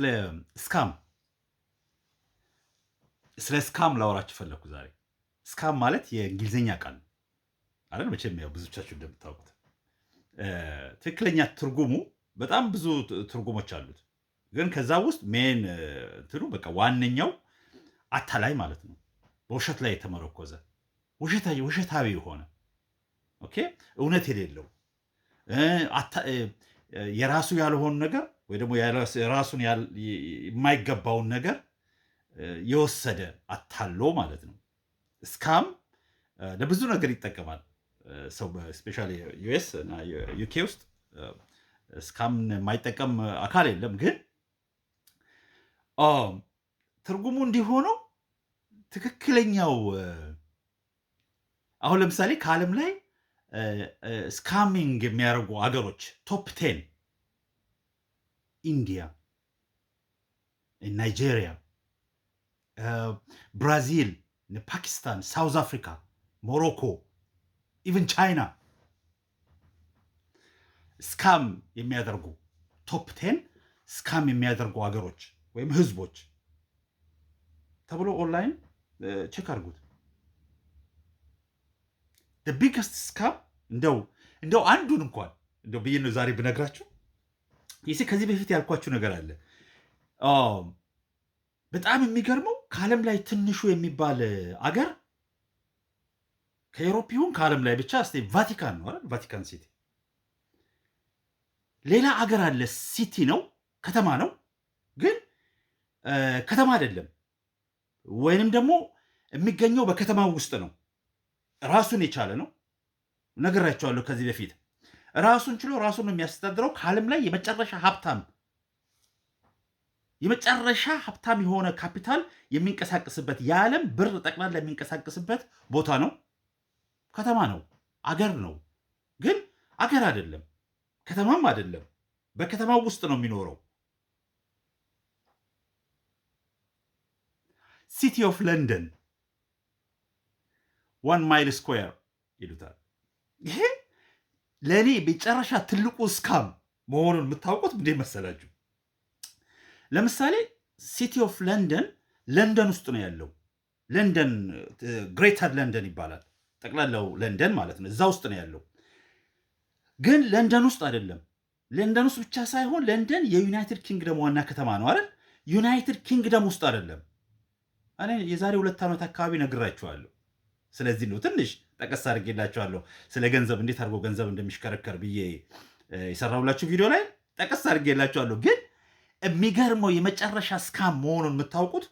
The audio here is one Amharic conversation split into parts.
ስለ ስካም ስለ ስካም ላወራችሁ ፈለግኩ ዛሬ። ስካም ማለት የእንግሊዝኛ ቃል ነው አይደል? መቼም ያው ብዙቻችሁ እንደምታውቁት ትክክለኛ ትርጉሙ በጣም ብዙ ትርጉሞች አሉት፣ ግን ከዛ ውስጥ ሜን እንትኑ በቃ ዋነኛው አታላይ ማለት ነው። በውሸት ላይ የተመረኮዘ ውሸታዊ የሆነ እውነት የሌለው የራሱ ያልሆኑ ነገር ወይ ደግሞ ራሱን የማይገባውን ነገር የወሰደ አታሎ ማለት ነው። እስካም ለብዙ ነገር ይጠቀማል ሰው ስፔሻሊ ዩኤስ እና ዩኬ ውስጥ እስካም የማይጠቀም አካል የለም። ግን ትርጉሙ እንዲሆነው ትክክለኛው አሁን ለምሳሌ ከዓለም ላይ ስካሚንግ የሚያደርጉ አገሮች ቶፕ ቴን ኢንዲያ Nigeria, ብራዚል፣ ፓኪስታን፣ ሳውዝ አፍሪካ፣ ሞሮኮ ኢቨን ቻይና ስካም የሚያደርጉ ቶፕ ቴን ስካም የሚያደርጉ ሀገሮች ወይም ህዝቦች ተብሎ ኦንላይን ቼክ uh, አድርጉት። ቢገስት ስካም እንደው እንደው አንዱን እንኳን እንደው ብዬ ነው ዛሬ ብነግራችሁ ይህ ከዚህ በፊት ያልኳችሁ ነገር አለ። በጣም የሚገርመው ከዓለም ላይ ትንሹ የሚባል አገር ከኤሮፕ ይሁን ከዓለም ላይ ብቻ ስ ቫቲካን ነው ቫቲካን ሲቲ ሌላ አገር አለ። ሲቲ ነው ከተማ ነው፣ ግን ከተማ አይደለም። ወይንም ደግሞ የሚገኘው በከተማ ውስጥ ነው። ራሱን የቻለ ነው። ነገራቸዋለሁ ከዚህ በፊት ራሱን ችሎ ራሱን ነው የሚያስተዳድረው። ከዓለም ላይ የመጨረሻ ሀብታም የመጨረሻ ሀብታም የሆነ ካፒታል የሚንቀሳቀስበት የዓለም ብር ጠቅላላ የሚንቀሳቀስበት ቦታ ነው። ከተማ ነው፣ አገር ነው። ግን አገር አይደለም፣ ከተማም አይደለም። በከተማው ውስጥ ነው የሚኖረው። ሲቲ ኦፍ ለንደን ዋን ማይል ስኩዌር ይሉታል ይሄ ለእኔ መጨረሻ ትልቁ እስካም መሆኑን የምታውቁት እንዴ መሰላችሁ? ለምሳሌ ሲቲ ኦፍ ለንደን ለንደን ውስጥ ነው ያለው። ለንደን ግሬተር ለንደን ይባላል። ጠቅላላው ለንደን ማለት ነው። እዛ ውስጥ ነው ያለው። ግን ለንደን ውስጥ አይደለም። ለንደን ውስጥ ብቻ ሳይሆን ለንደን የዩናይትድ ኪንግደም ዋና ከተማ ነው አይደል? ዩናይትድ ኪንግደም ውስጥ አይደለም። እኔ የዛሬ ሁለት ዓመት አካባቢ ነግራችኋለሁ። ስለዚህ ነው ትንሽ ጠቀስ አድርጌላችኋለሁ። ስለ ገንዘብ እንዴት አድርጎ ገንዘብ እንደሚሽከረከር ብዬ የሰራሁላችሁ ቪዲዮ ላይ ጠቀስ አድርጌላችኋለሁ። ግን የሚገርመው የመጨረሻ ስካም መሆኑን የምታውቁት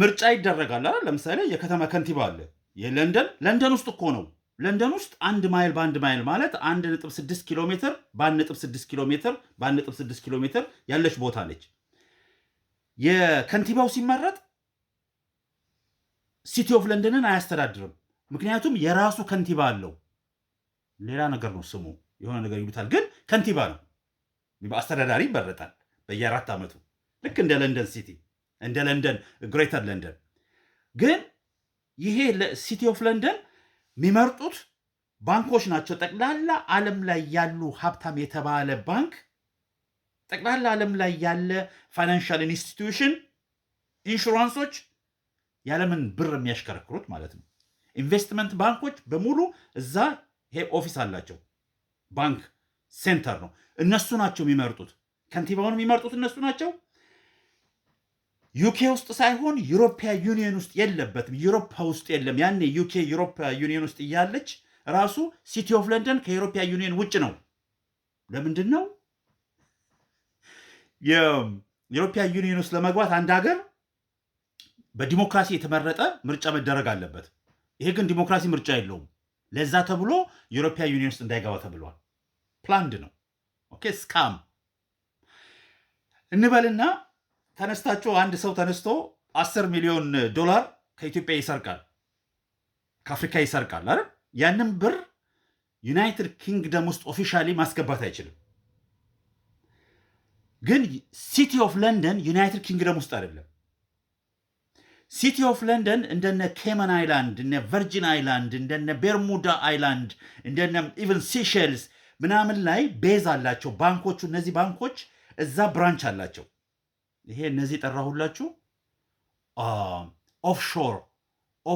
ምርጫ ይደረጋል ለምሳሌ የከተማ ከንቲባ አለ የለንደን ለንደን ውስጥ እኮ ነው። ለንደን ውስጥ አንድ ማይል በአንድ ማይል ማለት አንድ ነጥብ ስድስት ኪሎ ሜትር በአንድ ነጥብ ስድስት ኪሎ ሜትር በአንድ ነጥብ ስድስት ኪሎ ሜትር ያለች ቦታ ነች። የከንቲባው ሲመረጥ ሲቲ ኦፍ ለንደንን አያስተዳድርም። ምክንያቱም የራሱ ከንቲባ አለው። ሌላ ነገር ነው ስሙ የሆነ ነገር ይሉታል፣ ግን ከንቲባ ነው። በአስተዳዳሪ ይመረጣል በየአራት ዓመቱ ልክ እንደ ለንደን ሲቲ እንደ ለንደን ግሬተር ለንደን። ግን ይሄ ሲቲ ኦፍ ለንደን የሚመርጡት ባንኮች ናቸው። ጠቅላላ ዓለም ላይ ያሉ ሀብታም የተባለ ባንክ ጠቅላላ ዓለም ላይ ያለ ፋይናንሻል ኢንስቲትዩሽን፣ ኢንሹራንሶች ያለምን ብር የሚያሽከረክሩት ማለት ነው። ኢንቨስትመንት ባንኮች በሙሉ እዛ ይሄ ኦፊስ አላቸው። ባንክ ሴንተር ነው። እነሱ ናቸው የሚመርጡት፣ ከንቲባውን የሚመርጡት እነሱ ናቸው። ዩኬ ውስጥ ሳይሆን ዩሮፓ ዩኒየን ውስጥ የለበትም። ዩሮፓ ውስጥ የለም። ያኔ ዩኬ ዩሮፓ ዩኒየን ውስጥ እያለች ራሱ ሲቲ ኦፍ ለንደን ከዩሮፓ ዩኒየን ውጭ ነው። ለምንድን ነው የዩሮፓ ዩኒየን ውስጥ ለመግባት አንድ ሀገር በዲሞክራሲ የተመረጠ ምርጫ መደረግ አለበት። ይሄ ግን ዲሞክራሲ ምርጫ የለውም። ለዛ ተብሎ ዩሮፒያን ዩኒየን ውስጥ እንዳይገባ ተብሏል። ፕላንድ ነው። ኦኬ ስካም እንበልና ተነስታችሁ አንድ ሰው ተነስቶ አስር ሚሊዮን ዶላር ከኢትዮጵያ ይሰርቃል፣ ከአፍሪካ ይሰርቃል አይደል? ያንም ብር ዩናይትድ ኪንግደም ውስጥ ኦፊሻሊ ማስገባት አይችልም። ግን ሲቲ ኦፍ ለንደን ዩናይትድ ኪንግደም ውስጥ አይደለም። ሲቲ ኦፍ ለንደን እንደነ ኬመን አይላንድ እነ ቨርጂን አይላንድ እንደነ ቤርሙዳ አይላንድ እንደነ ኢቨን ሲሸልስ ምናምን ላይ ቤዝ አላቸው ባንኮቹ። እነዚህ ባንኮች እዛ ብራንች አላቸው። ይሄ እነዚህ ጠራሁላችሁ ኦፍሾር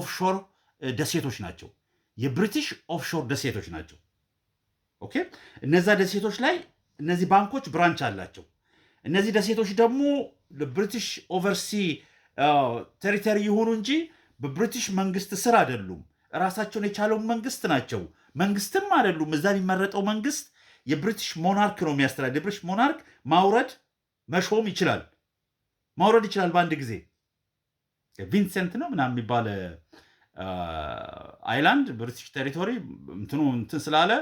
ኦፍሾር ደሴቶች ናቸው። የብሪቲሽ ኦፍሾር ደሴቶች ናቸው። ኦኬ እነዛ ደሴቶች ላይ እነዚህ ባንኮች ብራንች አላቸው። እነዚህ ደሴቶች ደግሞ ብሪቲሽ ኦቨርሲ ቴሪተሪ ይሁኑ እንጂ በብሪቲሽ መንግስት ስር አይደሉም። ራሳቸውን የቻለው መንግስት ናቸው። መንግስትም አይደሉም። እዛ የሚመረጠው መንግስት የብሪቲሽ ሞናርክ ነው የሚያስተዳድር። የብሪቲሽ ሞናርክ ማውረድ መሾም ይችላል። ማውረድ ይችላል በአንድ ጊዜ። ቪንሰንት ነው ምናምን የሚባል አይላንድ ብሪቲሽ ቴሪቶሪ እንትኑ እንትን ስላለ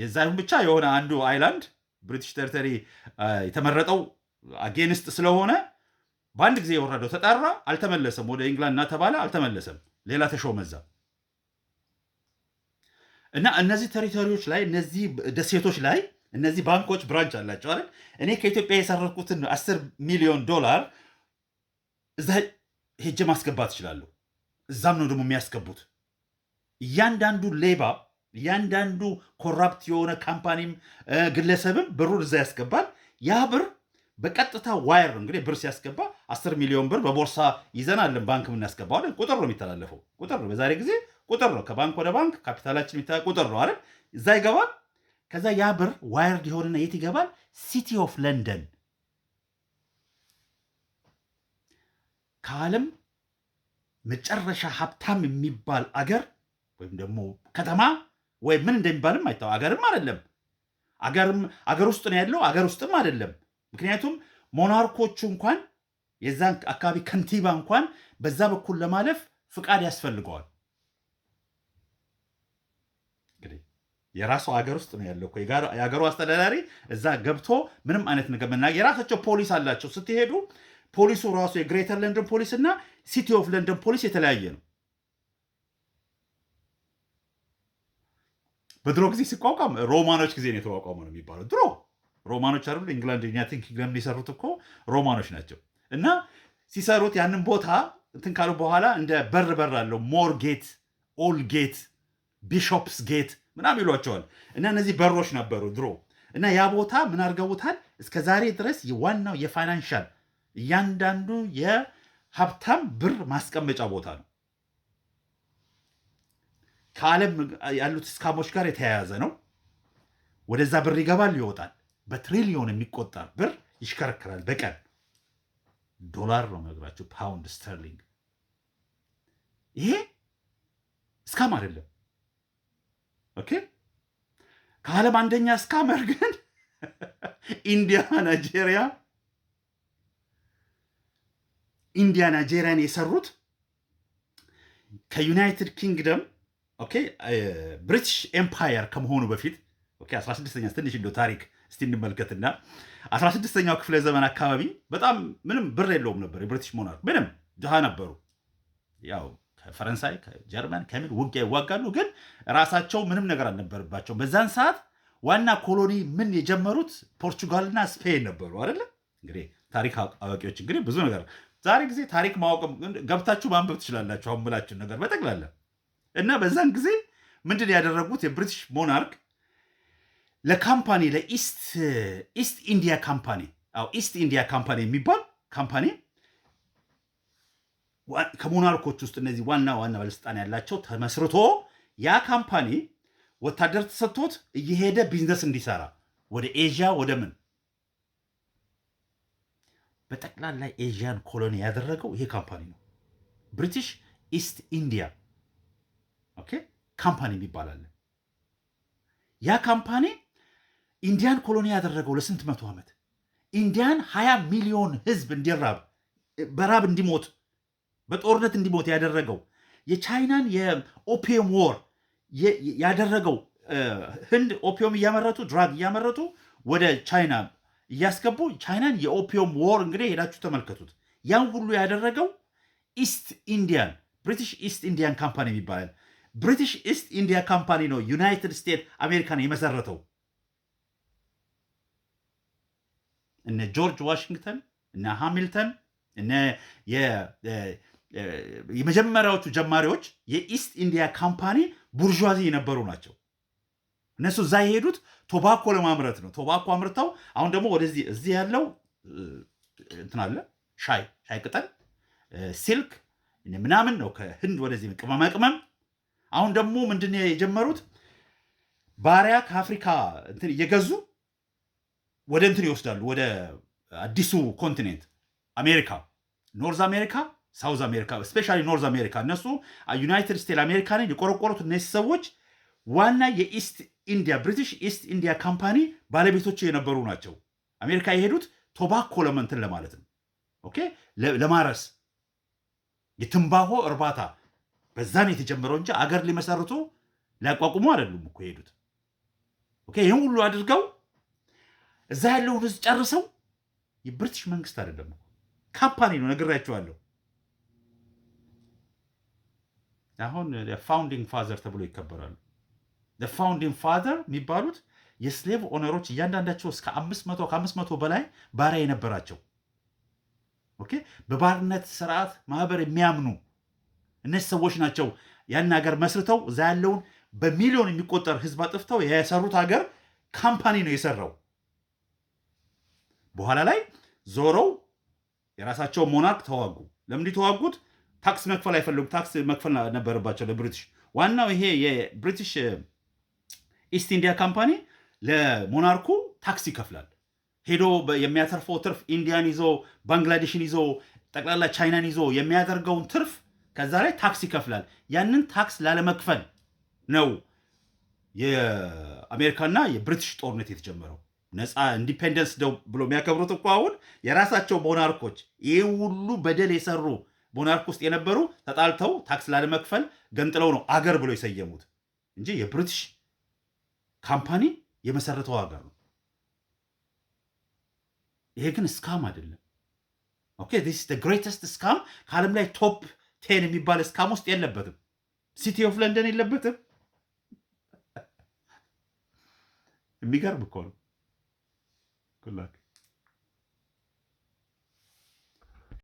የዛ ይሁን ብቻ የሆነ አንዱ አይላንድ ብሪቲሽ ቴሪቶሪ የተመረጠው አጌንስት ስለሆነ በአንድ ጊዜ የወረደው ተጣራ፣ አልተመለሰም። ወደ ኢንግላንድ ና ተባለ፣ አልተመለሰም። ሌላ ተሾመ እዛ እና እነዚህ ቴሪቶሪዎች ላይ እነዚህ ደሴቶች ላይ እነዚህ ባንኮች ብራንች አላቸው አይደል? እኔ ከኢትዮጵያ የሰረኩትን አስር ሚሊዮን ዶላር እዛ ሄጄ ማስገባት እችላለሁ። እዛም ነው ደግሞ የሚያስገቡት። እያንዳንዱ ሌባ፣ እያንዳንዱ ኮራፕት የሆነ ካምፓኒም ግለሰብም ብሩን እዛ ያስገባል። ያ ብር በቀጥታ ዋይር ነው እንግዲህ ብር ሲያስገባ አስር ሚሊዮን ብር በቦርሳ ይዘናለን ባንክ የምናስገባው አይደል? ቁጥር ነው የሚተላለፈው። ቁጥር ነው በዛሬ ጊዜ ቁጥር ነው። ከባንክ ወደ ባንክ ካፒታላችን የሚተላለፍ ቁጥር ነው አይደል? እዛ ይገባል። ከዛ ያ ብር ዋይር ሊሆንና የት ይገባል? ሲቲ ኦፍ ለንደን ከዓለም መጨረሻ ሀብታም የሚባል አገር ወይም ደግሞ ከተማ ወይ ምን እንደሚባልም አይታወቅም። አገርም አይደለም አገርም አገር ውስጥ ነው ያለው አገር ውስጥም አይደለም ምክንያቱም ሞናርኮቹ እንኳን የዛን አካባቢ ከንቲባ እንኳን በዛ በኩል ለማለፍ ፍቃድ ያስፈልገዋል። እንግዲህ የራሱ ሀገር ውስጥ ነው ያለው። የሀገሩ አስተዳዳሪ እዛ ገብቶ ምንም አይነት ነገር መና የራሳቸው ፖሊስ አላቸው። ስትሄዱ ፖሊሱ ራሱ የግሬተር ለንደን ፖሊስ እና ሲቲ ኦፍ ለንደን ፖሊስ የተለያየ ነው። በድሮ ጊዜ ሲቋቋም ሮማኖች ጊዜ ነው የተቋቋመ ነው የሚባለው ድሮ ሮማኖች አሉ ኢንግላንድ ዩናይትድ ኪንግደም የሰሩት እኮ ሮማኖች ናቸው። እና ሲሰሩት ያንን ቦታ እንትን ካሉ በኋላ እንደ በር በር አለው ሞር ጌት፣ ኦል ጌት፣ ቢሾፕስ ጌት ምናምን ይሏቸዋል። እና እነዚህ በሮች ነበሩ ድሮ። እና ያ ቦታ ምን አድርገውታል? እስከ ዛሬ ድረስ ዋናው የፋይናንሻል እያንዳንዱ የሀብታም ብር ማስቀመጫ ቦታ ነው። ከዓለም ያሉት እስካሞች ጋር የተያያዘ ነው። ወደዛ ብር ይገባል፣ ይወጣል። በትሪሊዮን የሚቆጠር ብር ይሽከረከራል በቀን ዶላር ነው የምነግራችሁ፣ ፓውንድ ስተርሊንግ። ይሄ እስካም አይደለም። ኦኬ ከዓለም አንደኛ እስካመር ግን ኢንዲያ ናይጄሪያ ኢንዲያ ናይጄሪያን የሰሩት ከዩናይትድ ኪንግደም ኦኬ ብሪቲሽ ኤምፓየር ከመሆኑ በፊት ኦኬ 16ኛ ትንሽ ታሪክ እስቲ እንመልከትና አስራ ስድስተኛው ክፍለ ዘመን አካባቢ በጣም ምንም ብር የለውም ነበር የብሪቲሽ ሞናርክ ምንም ድሃ ነበሩ። ያው ከፈረንሳይ ከጀርመን ከምን ውጊያ ይዋጋሉ፣ ግን ራሳቸው ምንም ነገር አልነበረባቸው። በዛን ሰዓት ዋና ኮሎኒ ምን የጀመሩት ፖርቹጋልና ስፔን ነበሩ አይደለ? እንግዲህ ታሪክ አዋቂዎች እንግዲህ ብዙ ነገር ዛሬ ጊዜ ታሪክ ማወቅም ገብታችሁ ማንበብ ትችላላችሁ። አሁን ምላችሁ ነገር በጠቅላላ እና በዛን ጊዜ ምንድን ያደረጉት የብሪቲሽ ሞናርክ ለካምፓኒ ለኢስት ኢንዲያ ካምፓኒ ኢስት ኢንዲያ ካምፓኒ የሚባል ካምፓኒ ከሞናርኮች ውስጥ እነዚህ ዋና ዋና ባለስልጣን ያላቸው ተመስርቶ ያ ካምፓኒ ወታደር ተሰጥቶት እየሄደ ቢዝነስ እንዲሰራ ወደ ኤዥያ ወደ ምን በጠቅላላ ኤዥያን ኮሎኒ ያደረገው ይሄ ካምፓኒ ነው። ብሪቲሽ ኢስት ኢንዲያ ኦኬ ካምፓኒ ይባላል ያ ካምፓኒ ኢንዲያን ኮሎኒ ያደረገው ለስንት መቶ ዓመት ኢንዲያን ሀያ ሚሊዮን ህዝብ እንዲራብ በራብ እንዲሞት በጦርነት እንዲሞት ያደረገው የቻይናን የኦፒየም ዎር ያደረገው ህንድ ኦፒየም እያመረቱ ድራግ እያመረቱ ወደ ቻይና እያስገቡ ቻይናን የኦፒየም ዎር እንግዲህ ሄዳችሁ ተመልከቱት። ያን ሁሉ ያደረገው ኢስት ኢንዲያን ብሪቲሽ ኢስት ኢንዲያን ካምፓኒ ይባላል። ብሪቲሽ ኢስት ኢንዲያ ካምፓኒ ነው ዩናይትድ ስቴትስ አሜሪካን የመሰረተው። እነ ጆርጅ ዋሽንግተን እነ ሃሚልተን እነ የመጀመሪያዎቹ ጀማሪዎች የኢስት ኢንዲያ ካምፓኒ ቡርዥዋዚ የነበሩ ናቸው። እነሱ እዛ የሄዱት ቶባኮ ለማምረት ነው። ቶባኮ አምርተው አሁን ደግሞ ወደዚህ እዚህ ያለው እንትን አለ ሻይ ሻይ ቅጠል፣ ሲልክ ምናምን ነው ከህንድ ወደዚህ ቅመማ ቅመም። አሁን ደግሞ ምንድን የጀመሩት ባሪያ ከአፍሪካ እየገዙ ወደ እንትን ይወስዳሉ፣ ወደ አዲሱ ኮንቲኔንት አሜሪካ፣ ኖርዝ አሜሪካ፣ ሳውዝ አሜሪካ፣ ስፔሻሊ ኖርዝ አሜሪካ። እነሱ ዩናይትድ ስቴትስ አሜሪካንን የቆረቆሩት እነዚህ ሰዎች ዋና የኢስት ኢንዲያ ብሪቲሽ ኢስት ኢንዲያ ካምፓኒ ባለቤቶች የነበሩ ናቸው። አሜሪካ የሄዱት ቶባኮ ለመንትን ለማለት ነው። ኦኬ ለማረስ የትንባሆ እርባታ በዛን የተጀመረው እንጂ አገር ሊመሰርቱ ሊያቋቁሙ አይደሉም እኮ የሄዱት። ይህን ሁሉ አድርገው እዛ ያለውን ህዝብ ጨርሰው የብሪቲሽ መንግስት አይደለም ካምፓኒ ነው፣ ነግራችኋለሁ። አሁን ፋውንዲንግ ፋዘር ተብሎ ይከበራሉ። ፋውንዲንግ ፋዘር የሚባሉት የስሌቭ ኦነሮች እያንዳንዳቸው እስከ አምስት መቶ ከአምስት መቶ በላይ ባሪያ የነበራቸው ኦኬ፣ በባርነት ስርዓት ማህበር የሚያምኑ እነዚህ ሰዎች ናቸው ያን ሀገር መስርተው እዛ ያለውን በሚሊዮን የሚቆጠር ህዝብ አጥፍተው የሰሩት ሀገር ካምፓኒ ነው የሰራው። በኋላ ላይ ዞረው የራሳቸው ሞናርክ ተዋጉ። ለምንዲ ተዋጉት? ታክስ መክፈል አይፈልጉ። ታክስ መክፈል ነበረባቸው ለብሪቲሽ። ዋናው ይሄ የብሪቲሽ ኢስት ኢንዲያ ካምፓኒ ለሞናርኩ ታክስ ይከፍላል። ሄዶ የሚያተርፈው ትርፍ ኢንዲያን ይዞ ባንግላዴሽን ይዞ ጠቅላላ ቻይናን ይዞ የሚያደርገውን ትርፍ ከዛ ላይ ታክስ ይከፍላል። ያንን ታክስ ላለመክፈል ነው የአሜሪካና የብሪቲሽ ጦርነት የተጀመረው። ነፃ ኢንዲፔንደንስ ደው ብሎ የሚያከብሩት እኮ አሁን የራሳቸው ሞናርኮች ይህ ሁሉ በደል የሰሩ ሞናርክ ውስጥ የነበሩ ተጣልተው ታክስ ላለመክፈል ገንጥለው ነው አገር ብሎ የሰየሙት እንጂ የብሪቲሽ ካምፓኒ የመሰረተው ሀገር ነው። ይሄ ግን ስካም አይደለም። ኦኬ ዲስ ኢዝ ግሬተስት ስካም። ከዓለም ላይ ቶፕ ቴን የሚባል ስካም ውስጥ የለበትም። ሲቲ ኦፍ ለንደን የለበትም። የሚገርም እኮ ነው። Good luck.